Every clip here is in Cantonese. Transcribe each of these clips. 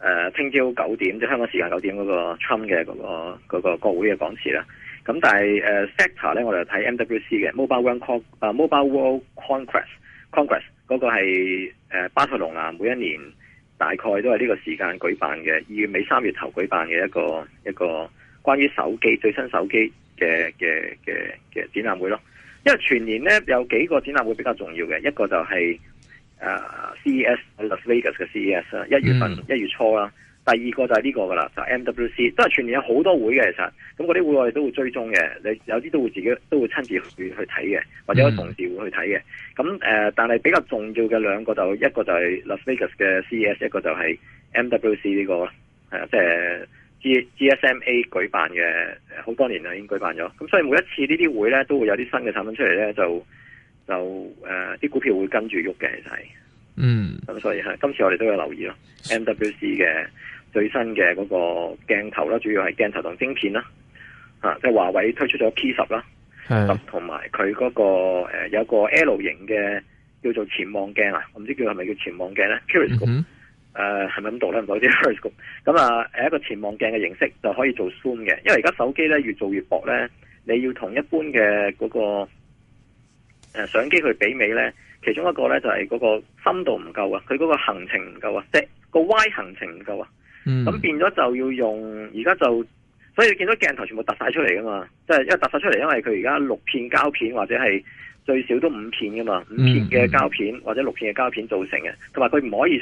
誒、呃，聽朝九點，即香港時間九點嗰、那個特朗普嘅嗰個、那個、那個國會嘅講辭啦。咁但係、呃、sector 咧，我哋睇 MWC 嘅 Mobile World Con 誒、啊、Mobile World Congress Congress 嗰個係、呃、巴塞隆拿、啊、每一年大概都係呢個時間舉辦嘅，二月尾、三月頭舉辦嘅一個一個,一個關於手機最新手機嘅嘅嘅嘅展覽會咯。因為全年咧有幾個展覽會比較重要嘅，一個就係、是。誒、uh，CES, Las Vegas 嘅 CES 一月份，一、mm. 月初啦。第二個就係呢個噶啦，就是、MWC，都係全年有好多會嘅其實。咁嗰啲會我哋都會追蹤嘅，你有啲都會自己都會親自去去睇嘅，或者有同事會去睇嘅。咁、mm. 誒、呃，但係比較重要嘅兩個就一個就係 Las Vegas 嘅 CES，一個就係 MWC 呢、這個，係啊，即、就、係、是、G GSMA 舉辦嘅，好多年啦已經舉辦咗。咁所以每一次這些呢啲會咧都會有啲新嘅產品出嚟咧就。就誒啲、呃、股票會跟住喐嘅就係，嗯，咁、嗯、所以今次我哋都有留意咯。MWC 嘅最新嘅嗰個鏡頭啦，主要係鏡頭同晶片啦、啊，即係華為推出咗 P 十啦，咁同埋佢嗰個、呃、有一個 L 型嘅叫做潛望鏡啊，我唔知是是叫係咪叫潛望鏡咧，Curiscope，誒係咪咁度咧唔到啲 Curiscope，咁啊一個潛望鏡嘅形式就可以做 zoom 嘅，因為而家手機咧越做越薄咧，你要同一般嘅嗰、那個。誒，相機佢比美咧，其中一個咧就係嗰個深度唔夠啊，佢嗰個行程唔夠啊，即係個 Y 行程唔夠啊。咁、嗯、變咗就要用而家就，所以見到鏡頭全部突晒出嚟噶嘛，即、就、係、是、因為突晒出嚟，因為佢而家六片膠片或者係最少都五片噶嘛，五片嘅膠片、嗯、或者六片嘅膠片造成嘅，同埋佢唔可以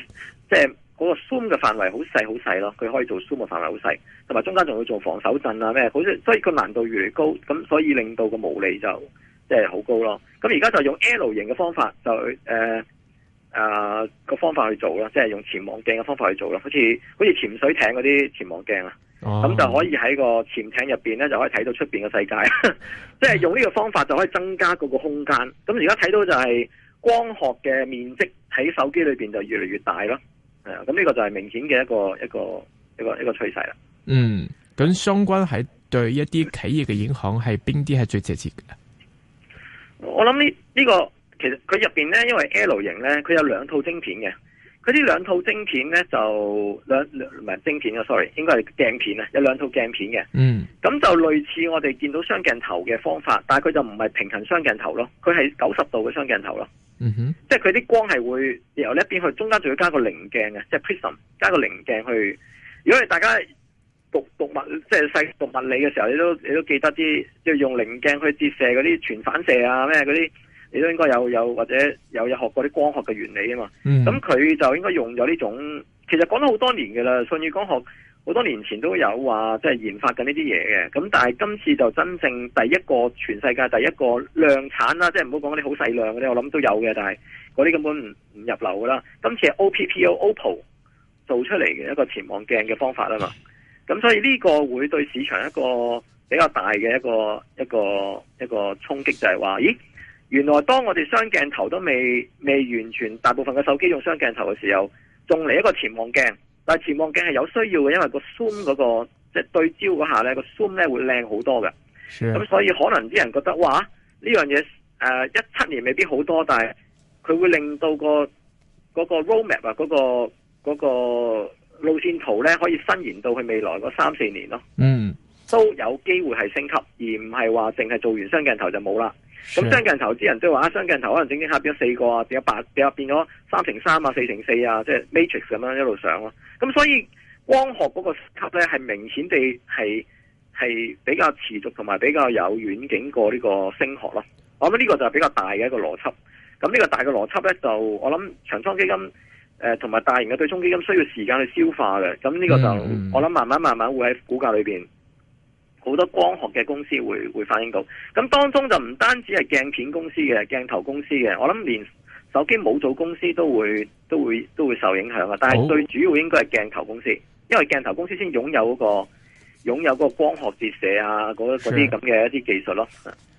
即係嗰個 zoom 嘅範圍好細好細咯，佢可以做 zoom 嘅範圍好細，同埋中間仲要做防手震啊咩，所以所以個難度越嚟越高，咁所以令到個毛利就。即係好高咯。咁而家就用 L 型嘅方法，就誒啊、呃呃、個方法去做啦，即係用潛望鏡嘅方法去做啦，好似好似潛水艇嗰啲潛望鏡啊。咁、oh. 就可以喺個潛艇入邊咧，就可以睇到出邊嘅世界。 即係用呢個方法就可以增加嗰個空間。咁而家睇到就係光學嘅面積喺手機裏邊就越嚟越大咯。咁呢個就係明顯嘅一個一個一個一個趨勢啦。嗯，咁相關喺對一啲企業嘅影響係邊啲係最直接嘅？我諗呢呢個其實佢入邊咧，因為 L 型，咧，佢有兩套晶片嘅。佢呢兩套晶片咧，就兩唔係晶片啊，sorry，應該係鏡片啊，有兩套鏡片嘅。嗯，咁就類似我哋見到雙鏡頭嘅方法，但係佢就唔係平行雙鏡頭咯，佢係九十度嘅雙鏡頭咯。嗯哼，即係佢啲光係會由呢一邊去中間，中間仲要加個稜鏡嘅，即係 prism，加個稜鏡去。如果係大家。讀物即係細讀物理嘅時候，你都你都記得啲，即係用稜鏡去折射嗰啲全反射啊，咩嗰啲，你都應該有有或者有有學過啲光學嘅原理啊嘛。咁、嗯、佢就應該用咗呢種。其實講咗好多年嘅啦，信宇光學好多年前都有話即係研發緊呢啲嘢嘅。咁但係今次就真正第一個全世界第一個量產啦，即係唔好講嗰啲好細量嗰啲，我諗都有嘅，但係嗰啲根本唔入流噶啦。今次係 OPPO OPPO 做出嚟嘅一個潛望鏡嘅方法啦嘛。嗯咁所以呢個會對市場一個比較大嘅一個一個一個,一個衝擊，就係話，咦，原來當我哋雙鏡頭都未未完全大部分嘅手機用雙鏡頭嘅時候，仲嚟一個潛望鏡。但係潛望鏡係有需要嘅，因為個 zoom 嗰、嗰個即係、就是、對焦嗰下呢，嗰個 zoom 呢會靚好多嘅。咁所以可能啲人覺得，哇，呢樣嘢誒一七年未必好多，但係佢會令到個嗰個 road map 啊，嗰個嗰個。嗰個.路線圖咧可以伸延到去未來嗰三四年咯，嗯，都有機會係升級，而唔係話淨係做完雙鏡頭就冇啦。咁雙鏡頭之人即係話，雙鏡頭可能整整下變咗四個啊，變咗八，變咗變咗三乘三啊，四乘四啊，即係 matrix 咁樣一路上咯。咁所以光學嗰個級咧係明顯地係係比較持續同埋比較有遠景過呢個聲學咯。我諗呢個就係比較大嘅一個邏輯。咁呢個大嘅邏輯咧就我諗長倉基金。誒、呃，同埋大型嘅對沖基金需要時間去消化嘅，咁呢個就我諗慢慢慢慢會喺股價裏邊，好多光學嘅公司會會反映到，咁當中就唔單止係鏡片公司嘅、鏡頭公司嘅，我諗連手機模組公司都會都會都會受影響，但係最主要應該係鏡頭公司，因為鏡頭公司先擁有、嗰個擁有嗰個光學折射啊，嗰嗰啲咁嘅一啲技術咯。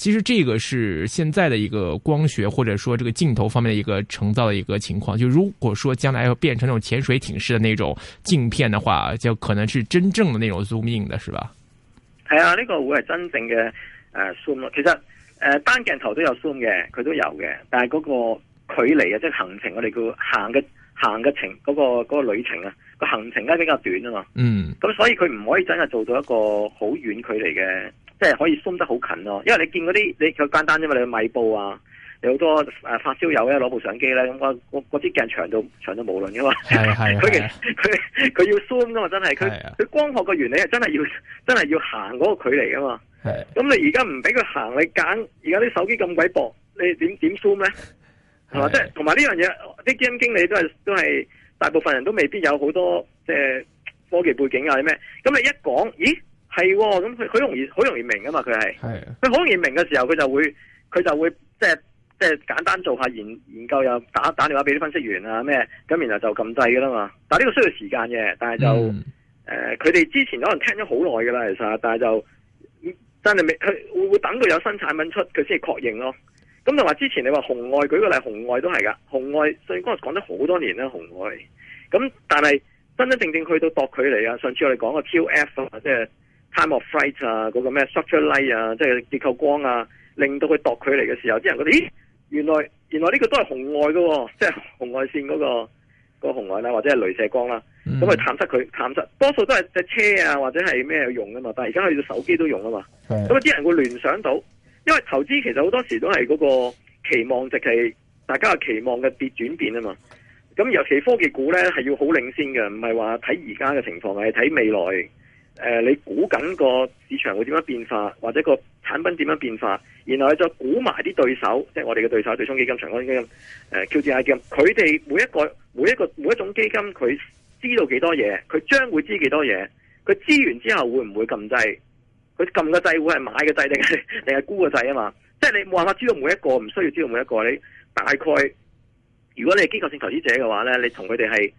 其實這個是現在的一個光學，或者說這個鏡頭方面的一個成造的一個情況。就如果說將來要變成那種潛水艇式的那種鏡片的話，就可能是真正的那種 zooming 的，是吧？係啊，呢個會係真正嘅誒、呃、zoom。其實誒、呃、單鏡頭都有 zoom 嘅，佢都有嘅，但係嗰個距離啊，即、就、係、是、行程，我哋叫行嘅行嘅程，嗰、那個、那個旅程啊，個行程咧比較短啊嘛。嗯。咁所以佢唔可以真係做到一個好遠距離嘅。即係可以 zoom 得好近咯、啊，因為你見嗰啲，你佢簡單啫、啊、嘛，你去米布啊，有好多誒發燒友咧、啊，攞部相機咧、啊，咁我嗰啲鏡長到長到無論噶嘛，佢其佢佢要 zoom 噶嘛，真係佢佢光學嘅原理係真係要真係要行嗰個距離噶嘛，咁 你而家唔俾佢行，你揀而家啲手機咁鬼薄，你點點 zoom 咧？係嘛，即係同埋呢樣嘢，啲 game 經理都係都係大部分人都未必有好多即係、呃、科技背景啊啲咩，咁你一講，咦？係咁，佢好容易好容易明㗎嘛佢係。佢好容易明嘅時候佢就會佢就會即係即係簡單做下研研究，又打打電話俾啲分析員啊咩咁然後就撳掣噶啦嘛，但呢個需要時間嘅，但係就誒佢哋之前可能聽咗好耐噶啦其實，但係就真係未佢會等到有新產品出佢先確認咯。咁就話之前你話紅外舉個例紅外都係噶紅外，所以嗰日講咗好多年啦紅外。咁但係真真正正去到度佢嚟，啊上次我哋講個 QF 啊嘛即係。time of flight 啊，嗰個咩 structure light 啊，即係結構光啊，令到佢度佢嚟嘅時候，啲人覺得咦，原來原來呢個都係紅外噶，即係紅外線嗰個紅外啦，或者係鐳射光啦，咁、嗯、佢探測佢探測，多數都係隻車啊或者係咩用噶嘛，但係而家佢用手機都用啊嘛，咁啊啲人會聯想到，因為投資其實好多時都係嗰個期望值係大家嘅期望嘅跌轉變啊嘛，咁尤其科技股咧係要好領先嘅，唔係話睇而家嘅情況，係睇未來。誒、呃，你估緊個市場會點樣變化，或者個產品點樣變化，然後你再估埋啲對手，即係我哋嘅對手，對沖基金、長安基金、誒 QDII 基金，佢哋每一個、每一個、每一種基金，佢知道幾多嘢，佢將會知幾多嘢，佢知完之後會唔會撳制？佢撳個制會係買嘅制定，定係沽嘅制啊嘛？即係你冇辦法知道每一個，唔需要知道每一個，你大概如果你係機構性投資者嘅話呢，你同佢哋係。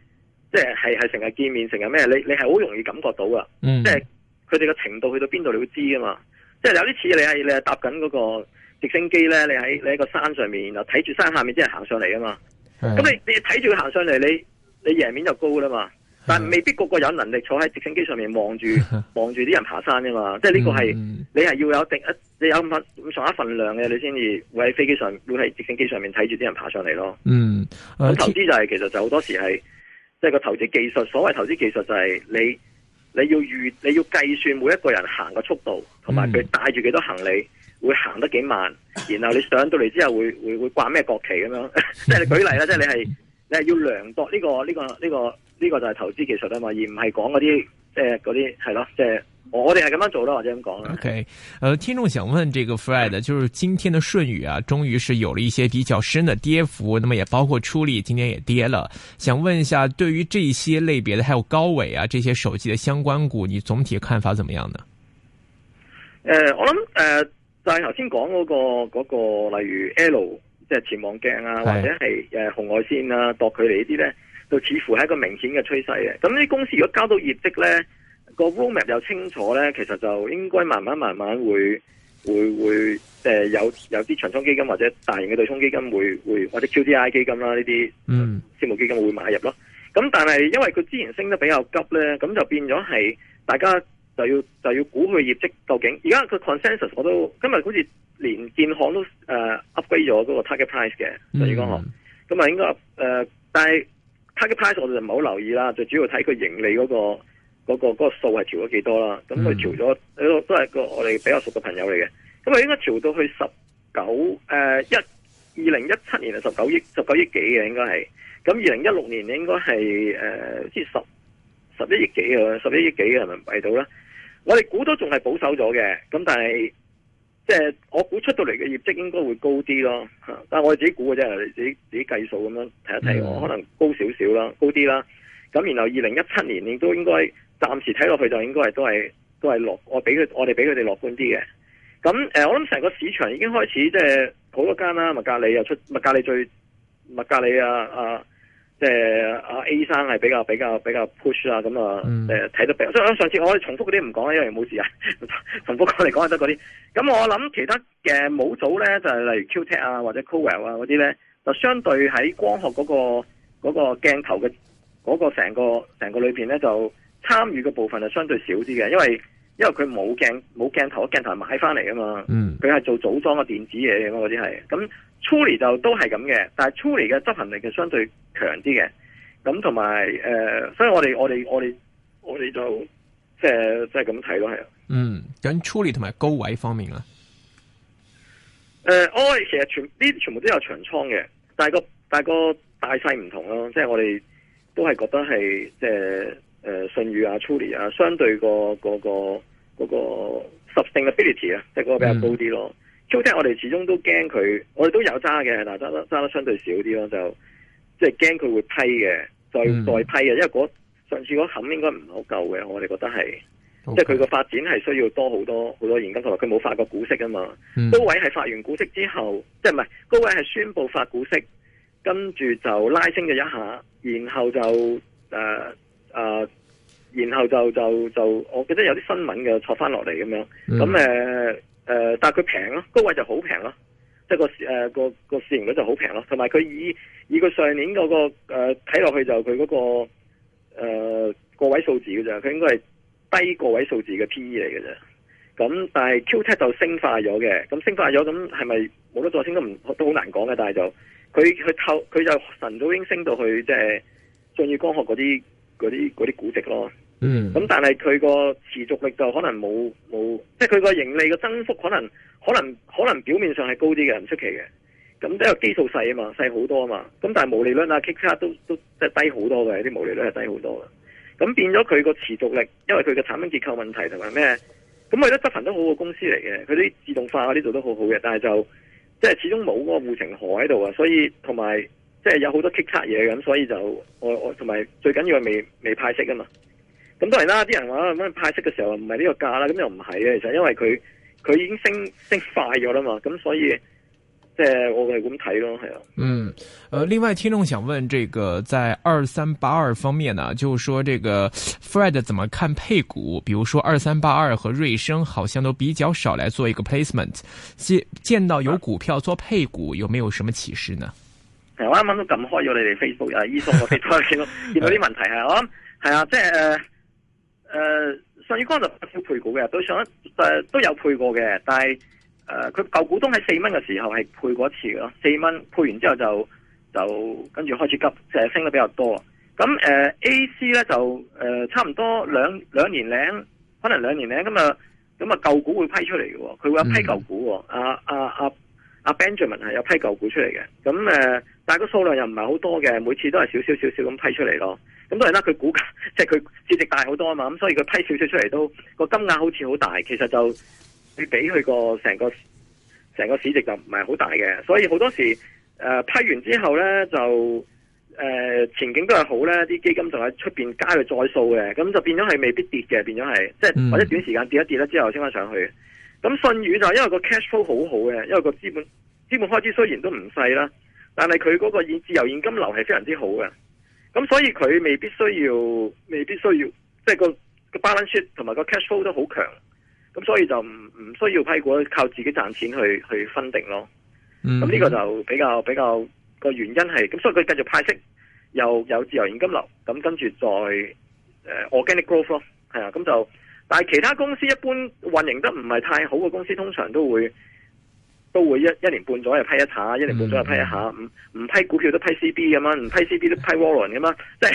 即係係成日見面，成日咩？你你係好容易感覺到噶、嗯，即係佢哋個程度去到邊度，你會知噶嘛？即係有啲似你係你係搭緊嗰個直升機咧，你喺你喺個山上面，然後睇住山下面啲人行上嚟噶嘛？咁你你睇住佢行上嚟，你你贏面就高啦嘛？但係未必個個有能力坐喺直升機上面望住 望住啲人爬山噶嘛？即係呢個係你係要有一定，你有咁上一份量嘅，你先至會喺飛機上會喺直升機上面睇住啲人爬上嚟咯。咁投資就係、是、其實就好多時係。即係個投資技術，所謂投資技術就係你，你要預，你要計算每一個人行嘅速度，同埋佢帶住幾多行李會行得幾慢，然後你上到嚟之後會會會掛咩國旗咁樣。即 係你舉例啦，即係你係你係要量度呢個呢個呢個呢個就係投資技術啊嘛，而唔係講嗰啲即係嗰啲係咯，即、呃、係。我哋係咁樣做啦，或者咁講啦。OK，誒、呃，聽眾想問這個 Fred，就是今天的順宇啊，終於是有了一些比較深的跌幅，那麼也包括出力，今天也跌了。想問一下，對於這些類別的，還有高偉啊這些手機的相關股，你總體的看法怎麼樣呢？誒、呃，我諗誒、呃，就係頭先講嗰個嗰個，那個、例如 L 即係潛望鏡啊，或者係誒紅外線啊，度距離呢啲咧，就似乎係一個明顯嘅趨勢嘅。咁呢啲公司如果交到業績咧，個 room 又清楚咧，其實就應該慢慢慢慢會會會、呃、有有啲長倉基金或者大型嘅對沖基金會會或者 QDII 基金啦呢啲、mm. 私募基金會買入咯。咁但係因為佢之前升得比較急咧，咁就變咗係大家就要就要估佢業績究竟。而家佢 consensus 我都今日好似連建行都誒、呃、upgrade 咗嗰個 target price 嘅第二間行。咁啊應該誒、呃，但係 target price 我哋就唔好留意啦，就主要睇佢盈利嗰、那個。嗰個嗰個數係調咗幾多啦？咁佢調咗，呢個都係個我哋比較熟嘅朋友嚟嘅。咁啊，應該調到去十九誒一二零一七年係十九億十九億幾嘅，應該係。咁二零一六年應該係誒，即、呃、十十一億幾啊，十一億幾嘅人民幣到啦。我哋估都仲係保守咗嘅。咁但係即係我估出到嚟嘅業績應該會高啲咯。但係我哋自己估嘅啫，自己自己計數咁樣睇一睇，我可能高少少啦，高啲啦。咁然後二零一七年亦都應該、嗯。暫時睇落去就應該係都係都係樂，我俾佢我哋畀佢哋樂觀啲嘅。咁、呃、我諗成個市場已經開始即係好多間啦、啊，麥格里又出麥格里最麥格里啊即係阿 A 生係比較比較比較，比較 push 啊咁啊睇得比較。所以我上次我哋重複嗰啲唔講啦，因為冇事啊。 重複過嚟講得嗰啲。咁我諗其他嘅模組呢，就係、是、例如 Qtech 啊或者 Cowell 啊嗰啲呢，就相對喺光學嗰、嗰個嗰個鏡頭嘅嗰個成個成個裏邊咧就。參與嘅部分係相對少啲嘅，因為因為佢冇鏡冇鏡頭，鏡頭係買翻嚟啊嘛，佢、嗯、係做組裝嘅電子嘢嘅嗰啲係咁。Truly 就都係咁嘅，但係 Truly 嘅執行力係相對強啲嘅，咁同埋誒，所以我哋我哋我哋我哋就即係即係咁睇咯，係、呃、啊、就是。嗯，咁 Truly 同埋高位方面呢，誒、呃，我其實全啲全部都有長倉嘅，但係個但係個大細唔同咯，即、就、係、是、我哋都係覺得係即係。呃誒、呃，信譽啊 quality 啊，相對、嗰個、嗰個、嗰個嗰、嗰個 sustainability 啊，即係嗰個比較高啲咯。qua、嗯、lity 我哋始終都驚佢，我哋都有揸嘅，但係揸得揸得相對少啲咯，就即係驚佢會批嘅，再、嗯、再批嘅，因為嗰上次嗰冚應該唔係好夠嘅，我哋覺得係，Okay. 即係佢個發展係需要多好多好多現金，同埋佢冇發過股息啊嘛、嗯。高位係發完股息之後，即係唔係高位係宣布發股息，跟住就拉升咗一下，然後就誒。呃誒、呃，然後就就就，我記得有啲新聞嘅挫翻落嚟咁樣，咁誒誒，但係佢平咯，高位就好平咯，即係個誒、呃、個個市盈率就好平咯，同埋佢以以佢上年嗰，那個誒睇落去就佢嗰，那個誒、呃、個位數字嘅咋，佢應該係低個位數字嘅 P E 嚟嘅咋，咁但係 QTEC 就升化咗嘅，咁升化咗咁係咪冇得再升都唔都好難講嘅？但係就佢佢透佢就晨早已經升到去即係舜宇光學嗰啲。嗰啲嗰啲估值咯，mm. 嗯，咁但係佢個持續力就可能冇冇，即係佢個盈利嘅增幅可能可能可能表面上係高啲嘅，唔出奇嘅，咁因為基數細啊嘛，細好多啊嘛，咁、嗯、但係毛利率啊、k 差都都即係低好多嘅，啲毛利率係低好多嘅，咁、嗯、變咗佢個持續力，因為佢嘅產品結構問題同埋咩，咁、嗯、我都執行都好嘅公司嚟嘅，佢啲自動化嗰啲做得好好嘅，但係就即係始終冇嗰個護城河喺度啊，所以同埋。即係有好多棘差嘢咁，所以就我我同埋最緊要係未未派息啊嘛。咁當然啦，啲人話咁派息嘅時候唔係呢個價啦，咁又唔係嘅。其實因為佢佢已經升升快咗啦嘛，咁所以即係、呃、我係咁睇咯，係啊。嗯，誒、呃，另外聽眾想問，這個在二三八二方面呢，就是說，這個 Fred 怎麼看配股？比如說二三八二和瑞聲，好像都比較少來做一個 placement，見見到有股票做配股，有沒有什麼啟示呢？我啱啱都撳開咗你哋 Facebook，又係伊松個 Facebook，見 到見到啲問題係我諗，係啊，即係呃，誒，信宇光就少配股嘅，對上一都有配過嘅，但係呃，佢舊股東喺四蚊嘅時候係配過一次嘅咯，四蚊配完之後就就跟住開始急，淨係升得比較多。咁呃 A C 咧就誒、呃、差唔多兩兩年零，可能兩年零咁啊咁啊舊股會批出嚟嘅，佢會有一批舊股。啊、嗯、啊，啊，阿、啊、Benjamin 係有批舊股出嚟嘅，咁誒。呃但係個數量又唔係好多嘅，每次都係少少少少咁批出嚟咯。咁當然啦，佢股價即係佢市值大好多啊嘛，咁所以佢批少少出嚟都個金額好似好大，其實就你俾佢個成個成個市值就唔係好大嘅。所以好多時誒、呃、批完之後咧，就誒、呃、前景都係好咧，啲基金就喺出邊加佢再數嘅，咁就變咗係未必跌嘅，變咗係即係、嗯、或者短時間跌一跌咧之後升翻上去。咁信宇就係因為個 cash flow 好好嘅，因為個資本資本開支雖然都唔細啦。但係佢嗰個現自由現金流係非常之好嘅，咁所以佢未必需要，未必需要，即係個個 balance sheet 同埋個 cash flow 都好強，咁所以就唔唔需要批股，靠自己賺錢去去分定咯。咁呢個就比較比較個原因係，咁所以佢繼續派息，又有自由現金流，咁跟住再誒、呃、organic growth 咯，係啊，咁就，但係其他公司一般運營得唔係太好嘅公司，通常都會。都會一一年半左右批一下，一年半左右批一下，唔、嗯、唔批股票都批 C B 咁樣，唔批 C B 都批 warrant 咁樣，即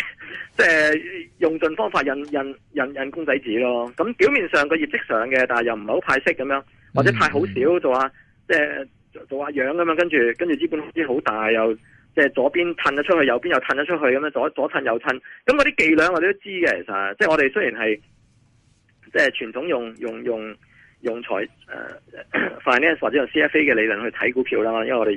係即係用盡方法印印印印公仔紙咯。咁、嗯嗯、表面上個業績上嘅，但係又唔係好派息咁樣，或者派好少做下即係做下做下樣咁樣，跟住跟住資本開支好大，又即係左邊褪咗出去，右邊又褪咗出去咁樣，左左褪右褪。咁嗰啲伎倆我哋都知嘅，其實即係我哋雖然係即係傳統用用用。用用彩，誒、呃、finance 或者用 CFA 嘅理論去睇股票啦，因為我哋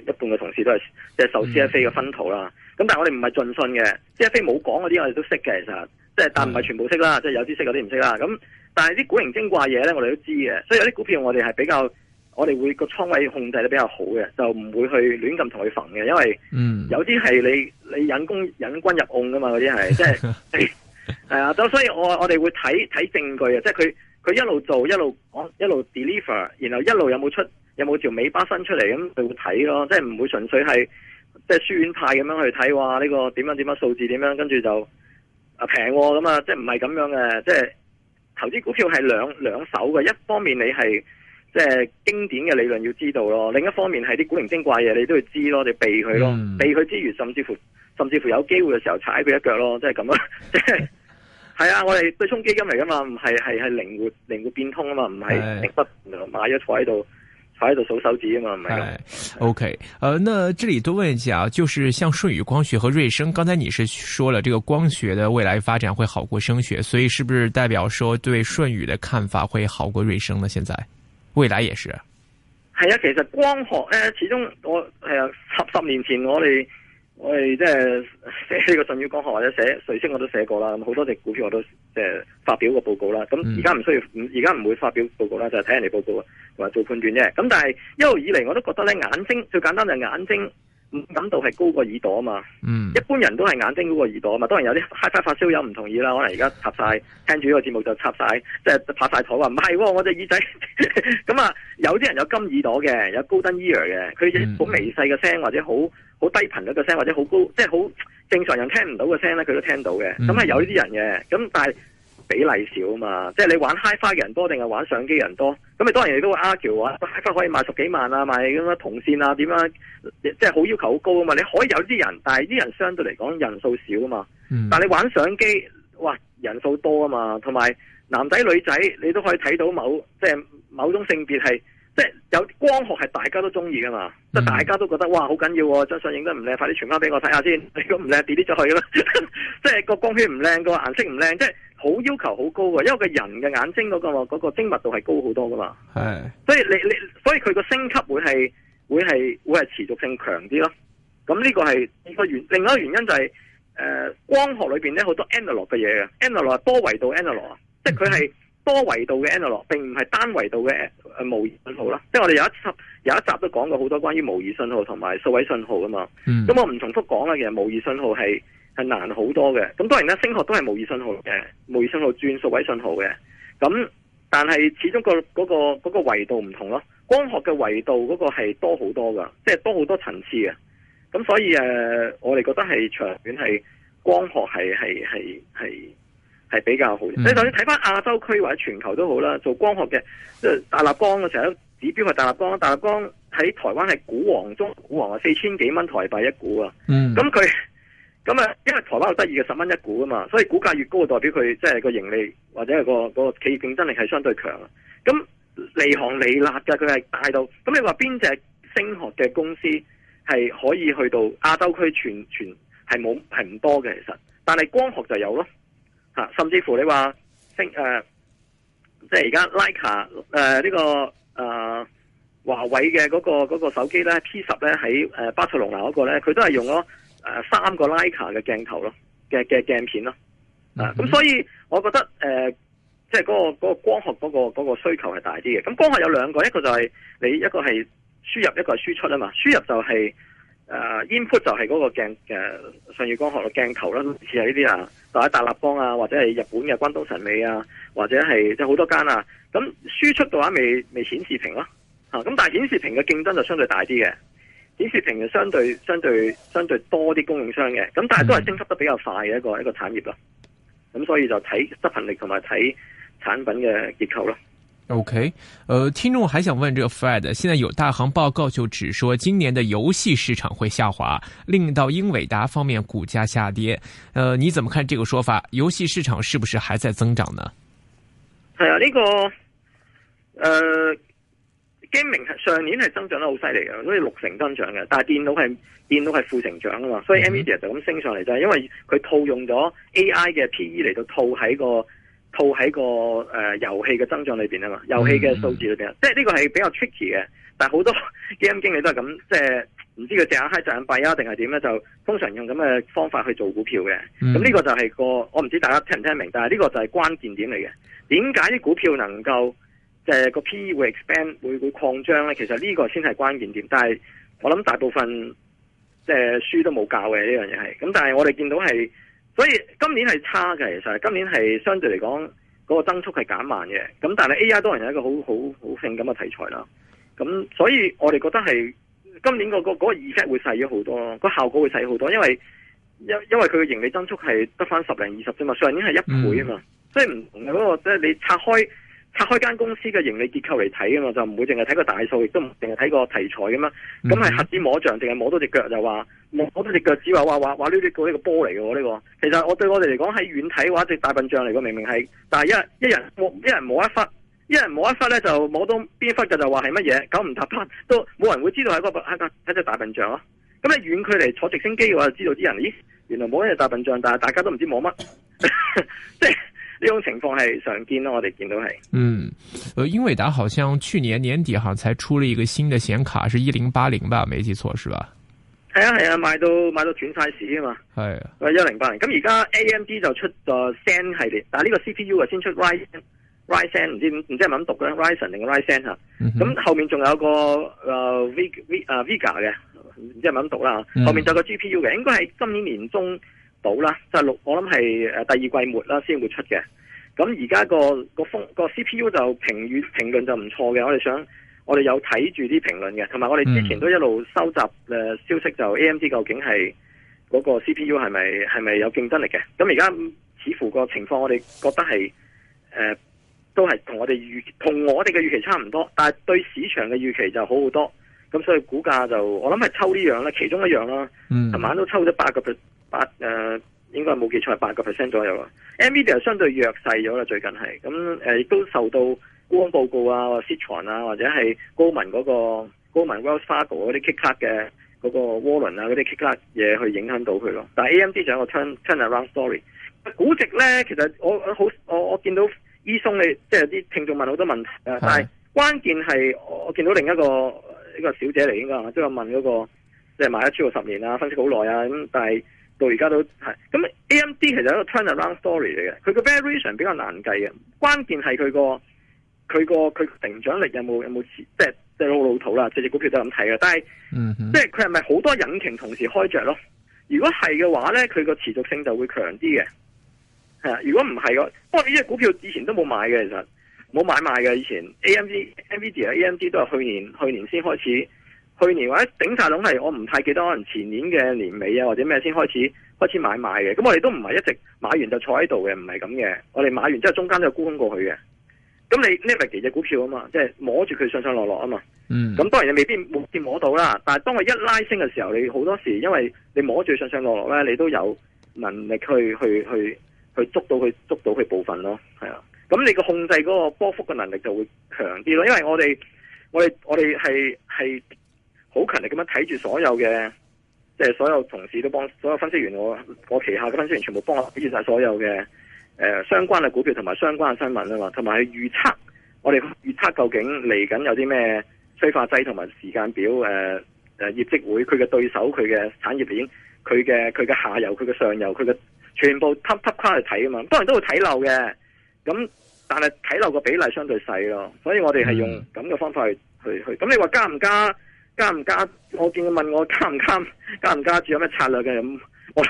一半嘅同事都係即係受 CFA 嘅薰陶啦。咁、嗯、但係我哋唔係盡信嘅、嗯、CFA 冇講嗰啲我哋都識嘅，其實即係但唔係全部識啦，嗯、即係有啲識有啲唔識啦。咁但係啲古靈精怪嘢咧，我哋都知嘅。所以有啲股票我哋係比較，我哋會個倉位控制得比較好嘅，就唔會去亂咁同佢馮嘅，因為有啲係你你引弓引君入瓮噶嘛，嗰啲係即係係啊。咁、就係嗯 哎呃、所以我我哋會睇睇證據啊，即係佢。佢一路做一路講，一路 deliver，然後一路有冇出有冇條尾巴伸出嚟，咁佢會睇咯，即係唔會純粹係即係書院派咁樣去睇話呢個點樣點樣數字點樣，跟住就啊平咁啊，即係唔係咁樣嘅，即係投資股票係兩兩手嘅，一方面你係即係經典嘅理論要知道咯，另一方面係啲古靈精怪嘢你都要知咯，你避佢咯、嗯，避佢之餘，甚至乎甚至乎有機會嘅時候踩佢一腳咯，即係咁樣即係。 係啊，我哋對沖基金嚟噶嘛，唔係係係靈活靈活變通啊嘛，唔係一筆就買咗坐喺度坐喺度數手指啊嘛，唔係。OK，誒，那這裏都問一下，就是像舜宇光學和瑞聲，剛才你是說了這個光學的未來發展會好過聲學，所以是不是代表說對舜宇的看法會好過瑞聲呢？現在未來也是、啊。係啊，其實光學咧、呃，始終我啊，十、呃、十年前我哋。我哋即係寫呢個舜宇光學，或者寫瑞星，我都寫過啦。好多隻股票我都即係發表過報告啦。咁而家唔需要，而家唔會發表報告啦，就係、是、睇人哋報告同埋做判斷啫。咁但係一路以嚟，我都覺得咧，眼睛最簡單就眼睛，感度係高過耳朵啊嘛。嗯，一般人都係眼睛高過耳朵啊嘛。當然有啲 hi-fi 發發燒友唔同意啦。可能而家插晒聽住呢個節目就插晒，即係拍晒台話唔係，我隻耳仔咁 啊。有啲人有金耳朵嘅，有 golden ear 嘅，佢好微細嘅聲或者好。好低頻率嘅聲或者好高，即係好正常人聽唔到嘅聲咧，佢都聽到嘅。咁、嗯、係有呢啲人嘅，咁但係比例少啊嘛。即係你玩 Hi-Fi 嘅人多定係玩相機人多？咁你當然亦都會 argue 話 Hi-Fi 可以賣十幾萬啊，賣咁樣銅線啊點樣即係好要求好高啊嘛。你可以有啲人，但係啲人相對嚟講人數少啊嘛。但你玩相機，哇，人數多啊嘛。同埋男仔女仔，你都可以睇到某即係某種性別係。即係有光學係大家都中意噶嘛，即、嗯、係大家都覺得哇好緊要、啊，張相影得唔靚，快啲傳翻俾我睇 下先。如果唔靚，delete 咗去啦。即係個光圈唔靚，個顏色唔靚，即係好要求好高嘅。因為個人嘅眼睛嗰、那個嗰、那個精密度係高好多噶嘛。係。所以你你所以佢個升級會係會係會係持續性強啲咯。咁呢個係、這個原另外一個原因就係、是、誒、呃、光學裏邊咧好多 analogue 嘅嘢啊，analogue 多維度 analogue，、嗯、即係佢係。多維度嘅 anal，o g 並唔係單維度嘅誒、呃、模擬信號啦，即係我哋有一集有一集都講過好多關於模擬信號同埋數位信號噶嘛，咁、嗯、我唔重複講啦。其實模擬信號係係難好多嘅，咁當然啦，星學都係模擬信號嘅，模擬信號轉數位信號嘅，咁但係始終個嗰、那個嗰、那個維、那個、度唔同咯，光學嘅維度嗰個係多好多噶，即、就、係、是、多好多層次嘅，咁所以誒、呃、我哋覺得係長遠係光學係係係係。係比較好嘅。你就算睇翻亞洲區或者全球都好啦，做光學嘅即係大立光嘅時候，指標係大立光。大立光喺台灣係股王中股王啊，四千幾蚊台幣一股啊。嗯。咁佢咁啊，因為台灣好得意嘅十蚊一股啊嘛，所以股價越高，代表佢即係個盈利或者係個個企業競爭力係相對強啊。咁利行利辣噶，佢係帶到咁。咁你話邊隻星學嘅公司係可以去到亞洲區全全係冇平唔多嘅，其實但係光學就有咯。啊、甚至乎你話升、啊、即係而家 Leica 呢個誒華、啊、為嘅嗰、那個那個手機咧 P10 咧喺巴塞隆拿嗰個咧，佢都係用咗三個 Leica 嘅鏡頭咯，嘅嘅鏡片咯。啊，咁、啊 mm-hmm. 啊、所以我覺得誒、啊，即係嗰、那個那個光學嗰、那個那個需求係大啲嘅。咁光學有兩個，一個就係你一個係輸入，一個係輸出啊嘛。輸入就係、是。誒、uh, input 就係嗰個鏡、uh, 上月光學嘅鏡頭啦，似係呢啲啊，就是、大立光啊，或者係日本嘅關東神美啊，或者係即係好多間啊。咁輸出嘅話未，未未顯示屏咯、啊，咁、啊、但係顯示屏嘅競爭就相對大啲嘅，顯示屏就相對相對相對，相對多啲供應商嘅，咁但係都係升級得比較快嘅一個一個產業咯。咁所以就睇執行力同埋睇產品嘅結構咯。OK，呃聽眾還想問，這個 Fred，現在有大行報告就指說今年的遊戲市場會下滑，令到英偉達方面股價下跌，呃你怎麼看這個說法？遊戲市場是不是還在增長呢？係啊，呢個呃 gaming 係上年係增長得好犀利嘅，好似六成增長嘅，但係電腦係電腦係負成長啊嘛，所以 media 就咁升上嚟就係因為佢套用咗 AI 嘅 PE 嚟到套喺個套喺個誒遊戲嘅增長裏面啊嘛，遊戲嘅數字裏邊，mm-hmm. 即係呢個係比較 tricky 嘅，但係好多基金經理都係咁，即係唔知佢借下虛假硬幣啊定係點咧，就通常用咁嘅方法去做股票嘅。咁、mm-hmm. 呢個就係個我唔知大家聽唔聽得明，但係呢個就係關鍵點嚟嘅。點解啲股票能夠即係、就是、個 PE 會 expand 會會擴張咧？其實呢個先係關鍵點。但係我諗大部分即係書都冇教嘅呢樣嘢係。咁但係我哋見到係。所以今年係差嘅，其實，今年係相對嚟講嗰個增速係減慢嘅。咁但係 AI 當然係一個好好好性感嘅題材啦。咁所以我哋覺得係今年個個嗰個 effect 會細咗好多咯，個效果會細好多，因為因因為佢嘅盈利增速係得翻十零二十啫嘛，上年係一倍啊嘛，即係唔同嗰個即係你拆開。拆開間公司嘅盈利結構嚟睇啊嘛，就唔會淨係睇個大數，亦都唔淨係睇個題材咁嘛。咁係瞎子摸象，淨係摸到隻腳就話摸到隻腳，只話話話話呢啲呢個波嚟嘅。呢、這個、這個這個這個、其實我對我哋嚟講，喺遠睇嘅話，隻大笨象嚟嘅，明明係，但係一,一人一人摸，一人摸一忽，一人摸一忽咧就摸到邊忽嘅，就話係乜嘢，搞唔搭攤，都冇人會知道係嗰個係隻大笨象咯。咁你遠距離坐直升機嘅話，就知道啲人咦，原來冇一嘢大笨象，但係大家都唔知摸乜，即係。呢種情況係常見咯，我哋見到係。嗯，呃，英偉達好像去年年底哈，才出了一個新的顯卡，是一零八零吧？沒記錯是吧？係啊係啊，買到買到斷晒市啊嘛。係。喂，一零八零。咁而家 A M D 就出咗 Zen 系列，但係呢個 C P U 啊先出 Ryzen Ryzen，唔知唔知係咪咁讀咧？Ryzen 定 Ryzen 吓。咁後面仲有個誒 V V 啊 Vega 嘅，唔知係咪咁讀啦？後面就有個 G P U 嘅，應該係今年年中。到啦，就六，我諗係第二季末啦先會出嘅。咁而家個個風個 C P U 就評語評論就唔錯嘅。我哋想我，我哋有睇住啲評論嘅，同埋我哋之前都一路收集誒消息，就 A M D 究竟係嗰個 C P U 係咪係咪有競爭力嘅？咁而家似乎個情況，我哋覺得係誒、呃、都係同我哋預同我哋嘅預期差唔多，但係對市場嘅預期就好好多。咁所以股價就我諗係抽呢樣啦，其中一樣啦、啊。琴、嗯、晚都抽咗八個八誒、呃、應該冇記錯係八個 percent 左右啦。AMD 又相對弱勢咗啦，最近係咁誒，亦都受到沽空報告啊、或 Citron 啊，或者係高文嗰、那個高文 Wells Fargo 嗰啲 kick cut 嘅嗰個窩輪啊，嗰啲 kick cut 嘢去影響到佢咯。但係 AMD 就有一個 turn turnaround story。估值咧，其實我好我我，我見到依松你即係啲聽眾問好多問題啊，但係關鍵係我我見到另一個一、這個小姐嚟應該，即、就、係、是、問嗰、那個即係買咗超過十年啊，分析好耐啊，咁但係。到而家都係咁，AMD 其實係一個 turnaround story 嚟嘅，佢個 variation 比較難計嘅。關鍵係佢個佢個佢成長力有冇有冇即係即係好老土啦。隻隻股票都咁睇嘅，但係、嗯、即係佢係咪好多引擎同時開着咯？如果係嘅話咧，佢個持續性就會強啲嘅。係，如果唔係嘅，不過呢隻股票以前都冇買嘅，其實冇買賣嘅。以前 AMD、NVIDIA 啊、AMD 都係去年去年先開始。去年或者頂晒籠，係我唔太記得，可能前年嘅年尾啊或者咩先開始開始買賣嘅。咁我哋都唔係一直買完就坐喺度嘅，唔係咁嘅。我哋買完之後中間都有沽空過去嘅。咁你呢咪幾隻股票啊嘛，即係摸住佢上上落落啊嘛。咁、嗯、當然你未必冇見摸到啦。但係當佢一拉升嘅時候，你好多時因為你摸住上上落落咧，你都有能力去去去去捉到佢、捉到佢部分咯。係啊。咁你個控制嗰個波幅嘅能力就會強啲咯。因為我哋我哋我哋係係。好勤力咁樣睇住所有嘅，即係所有同事都幫，所有分析員我我旗下嘅分析員全部幫我睇住晒所有嘅誒、呃、相關嘅股票同埋相關嘅新聞啊嘛，同埋去預測我哋預測究竟嚟緊有啲咩催化劑同埋時間表誒誒、呃、業績會佢嘅對手、佢嘅產業鏈、佢嘅佢嘅下游、佢嘅上游、佢嘅全部 top t 框嚟睇啊嘛，當然都會睇漏嘅，咁但係睇漏個比例相對細咯，所以我哋係用咁嘅方法去去、嗯、去，咁你話加唔加？加唔加？我見佢問我加唔加？加唔加？主要有咩策略嘅？咁我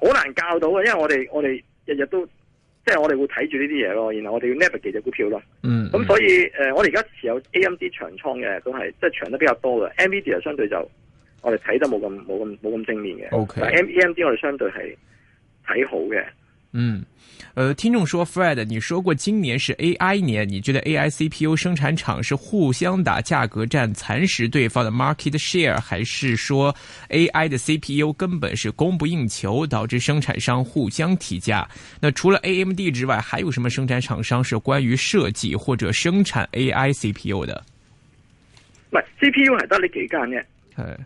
我好難教到嘅，因為我哋我哋日日都即係、就是、我哋會睇住呢啲嘢咯，然後我哋要 leverage 隻股票咯。嗯。咁所以誒、嗯呃，我哋而家持有 AMD 長倉嘅都係即係長得比較多嘅，NVDA 相對就我哋睇得冇咁冇咁冇咁正面嘅。O K。但係 AMD 我哋相對係睇好嘅。嗯，呃，聽眾說，Fred，你說過今年是 AI 年，你覺得 AI CPU 生產廠是互相打價格戰，蠶食對方的 market share，還是說 AI 的 CPU 根本是供不應求，導致生產商互相提價？那除了 AMD 之外，還有什麼生產廠商是關於設計或者生產 AI CPU 的？唔，CPU 係得你幾間嘅，係。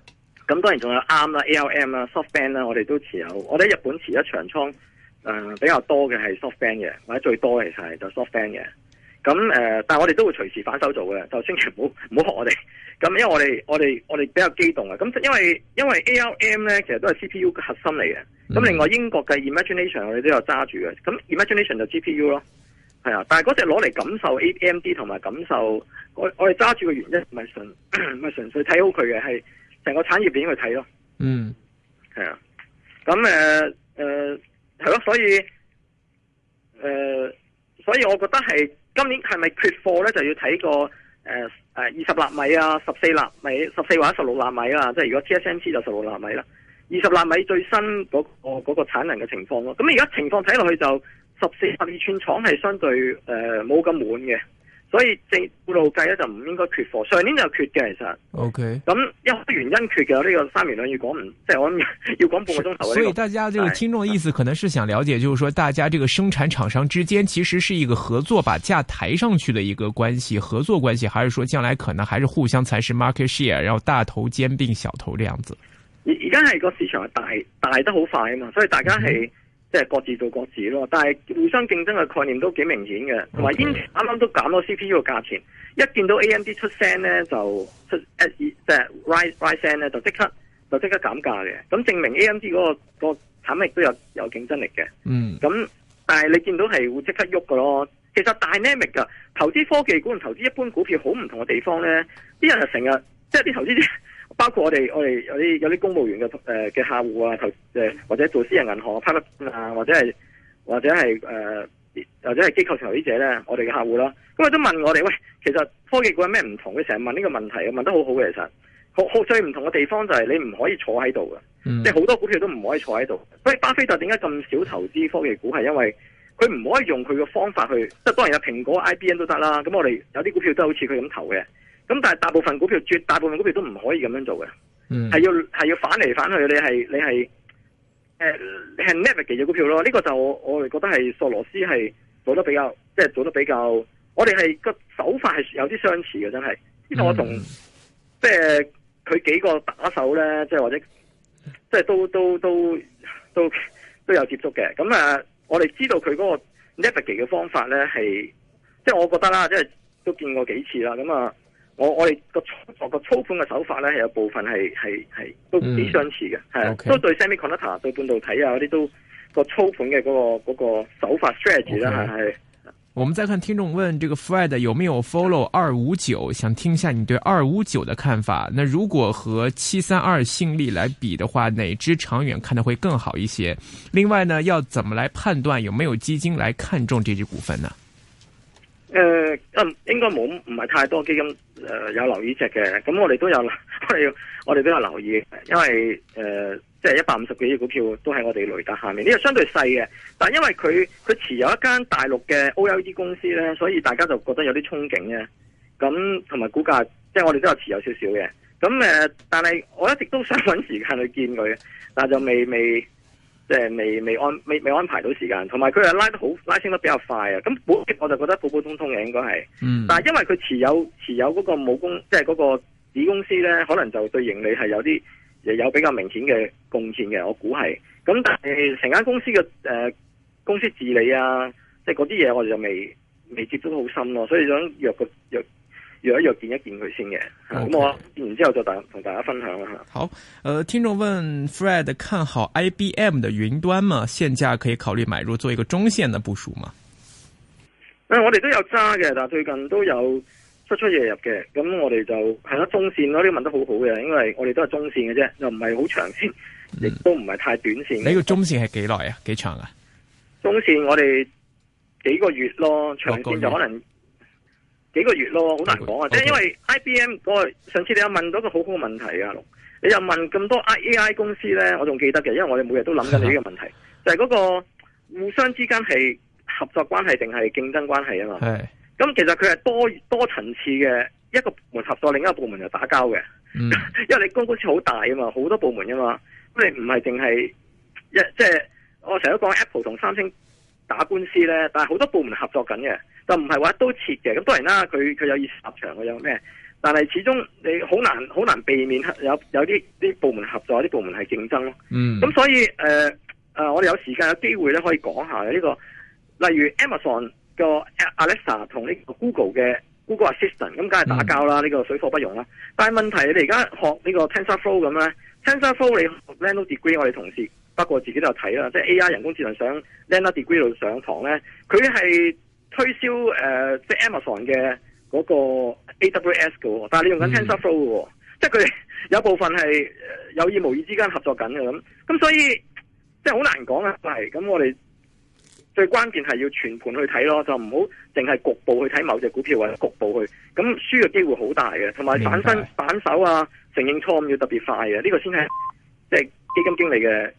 咁當然仲有 ARM 啦、ALM 啊、SoftBank 啊，我哋都持有。我哋日本持咗長倉。誒、呃，比較多嘅係 SoftBank 嘅，或者最多其實係就 SoftBank 嘅。咁誒、呃，但係我哋都會隨時反手做嘅。就千祈唔好唔好學我哋。咁因為我哋我哋我哋比較激動嘅。咁因為因為 A R M 咧，其實都係 C P U 嘅核心嚟嘅。咁、嗯、另外英國嘅 Imagination 我哋都有揸住嘅。咁 Imagination 就 G P U 咯，係啊。但係嗰隻攞嚟感受 A M D 同埋感受我我哋揸住嘅原因唔係純唔係純粹睇好佢嘅，係成個產業鏈去睇咯。嗯，係啊。咁誒誒。呃呃係咯，所以誒、呃，所以我覺得係今年係咪缺貨咧，就要睇個誒誒、呃、二十納米啊，十四納米、十四或者十六納米啊。即係如果 TSMC 就十六納米啦，二十納米最新嗰、那個嗰、那個產能嘅情況咯、啊。咁而家情況睇落去就十四、十二寸廠係相對誒冇咁滿嘅。呃，沒那麼滿的。所以正路計咧就唔應該缺貨，上年就缺嘅其實。O K。咁一啲原因缺嘅呢、這個三言兩語講唔，即係我諗，要講半個鐘頭的。所以大家這個聽眾的意思，可能是想了解，就是說大家這個生產廠商之間，其實是一個合作把價抬上去的一個關係，合作關係，還是說將來可能還是互相蠶食 market share，然後大頭兼併小頭這樣子。而而家係個市場係大，大得好快啊嘛，所以大家係。嗯即係各自做各自咯，但係互相競爭嘅概念挺顯的，okay. 剛剛都幾明顯嘅。同埋，英啱啱都減咗 CPU 嘅價錢，一見到 AMD 出聲咧，就出即係 Ryzen Ryzen 呢，就即刻就即刻減價嘅。咁證明 AMD 嗰、嗰個、嗰個產品都有有競爭力嘅。嗯。咁，但係你見到係會即刻喐㗎咯。其實大 name 嘅投資科技股同投資一般股票好唔同嘅地方咧，啲人就成日即係啲投資。啲包括我哋，我哋有啲有啲公務員嘅誒嘅客戶啊，投誒或者做私人銀行啊 partner 啊，或者係或者係誒，或者係、呃、機構投資者咧，我哋嘅客戶啦。咁佢都問我哋，喂，其實科技股有咩唔同？佢成日問呢個問題，問得好好嘅。其實好好最唔同嘅地方就係你唔可以坐喺度嘅，即係好多股票都唔可以坐喺度。所以巴菲特點解咁少投資科技股？係因為佢唔可以用佢嘅方法去。即係當然有蘋果、IBM 都得啦。咁我哋有啲股票都好似佢咁投嘅。咁但係大部分股票，絕大部分股票都唔可以咁樣做嘅，係、嗯、要係要反嚟反去。你係你係誒，係 leverage 嘅股票咯。呢、這個就我哋覺得係索羅斯係做得比較，即、就、係、是、做得比較。我哋係個手法係有啲相似嘅，真係。因為我同、嗯、即係佢幾個打手咧，即係或者即係都都都都都，都有接觸嘅。咁啊，我哋知道佢嗰個 leverage 嘅方法咧，係即係我覺得啦，即係都見過幾次啦。咁啊。我我哋個操個操盤嘅手法咧，有部分係係係都幾相似嘅，係、嗯 okay. 都對 semiconductor、對半導體啊嗰啲都操、那個那個操盤嘅嗰個個手法 strategy 咧係。我們再看聽眾問，這個 Fred 有沒有 follow 二五九？想聽下你對二五九的看法。那如果和七三二信力來比的話，哪支長遠看得會更好一些？另外呢，要怎麼來判斷有沒有基金來看中這支股份呢？誒，嗯，應該冇唔係太多基金誒、呃、有留意隻嘅，咁我哋都有，我哋我哋都有留意，因為誒，即係一百五十幾隻股票都喺我哋雷達下面，呢、這個相對細嘅，但係因為佢佢持有一間大陸嘅 O L E D 公司咧，所以大家就覺得有啲憧憬嘅，咁同埋股價，即、就、係、是、我哋都有持有少少嘅，咁誒、呃，但係我一直都想揾時間去見佢，但係就未未。即、就、係、是、未未安未未安排到時間，同埋佢又拉得好拉升得比較快啊！咁我，我就覺得普普通通嘅應該係、嗯，但係因為佢持有持有嗰個母公司，即係嗰個子公司咧，可能就對盈利係有啲有比較明顯嘅貢獻嘅，我估係。咁但係成間公司嘅誒、呃、公司治理啊，即係嗰啲嘢我哋就未未接觸得好深咯，所以想約個約。約一約見一見佢先嘅，咁、okay. 嗯、我見完之後再同大家分享啦吓。好，呃，聽眾問 Fred 看好 IBM 嘅雲端嘛？現價可以考慮買入，做一個中線嘅部署嘛？誒、嗯，我哋都有揸嘅，但係最近都有出出入入嘅。咁我哋就係啦、啊，中線咯。呢、這、啲、個、問得很好好嘅，因為我哋都係中線嘅啫，又唔係好長線，亦都唔係太短線的。你、嗯，那個中線係幾耐啊？幾長啊？中線我哋幾個月咯，長線就可能。幾個月咯，好難講啊！即、okay, okay. 因為 I B M 個上次你有問到個好好嘅問題啊，你又問咁多 AI 公司咧，我仲記得嘅，因為我哋每日都諗緊你呢個問題，就係、是、嗰個互相之間係合作關係定係競爭關係啊嘛。咁其實佢係多多層次嘅，一個部門合作，另一個部門又打交嘅。嗯、 因為你公司好大啊嘛，好多部門啊嘛，咁你唔係淨係一即係我成日都講 Apple 同三星打官司咧，但係好多部門合作緊嘅。就唔係話一刀切嘅。咁當然啦，佢佢有意立場，佢有咩？但係始終你好難好難避免有有啲啲部門合作，有啲部門係競爭咯。嗯。咁所以誒誒、呃呃，我哋有時間有機會咧，可以講下呢、這個，例如 Amazon 個 Alexa 同呢個 Google 嘅 Google Assistant，咁梗係打交啦，呢、嗯這個水火不容啦。但係問題你哋而家學呢個 TensorFlow 咁咧，TensorFlow 你 Lando Degree 我哋同事不過自己都有睇啦，即係 A. I. 人工智能想 Lando Degree 度上堂咧，佢係。推銷誒、呃，即係 Amazon 嘅嗰個 AWS 嘅，但係你用緊 TensorFlow 嘅、嗯，即係佢哋有部分係有意無意之間合作緊嘅咁咁所以即係好難講啊。係咁我哋最關鍵係要全盤去睇咯，就唔好淨係局部去睇某隻股票或者局部去，咁輸嘅機會好大嘅，同埋反身反手啊，承認錯誤要特別快嘅，呢、呢個先係即係基金經理嘅。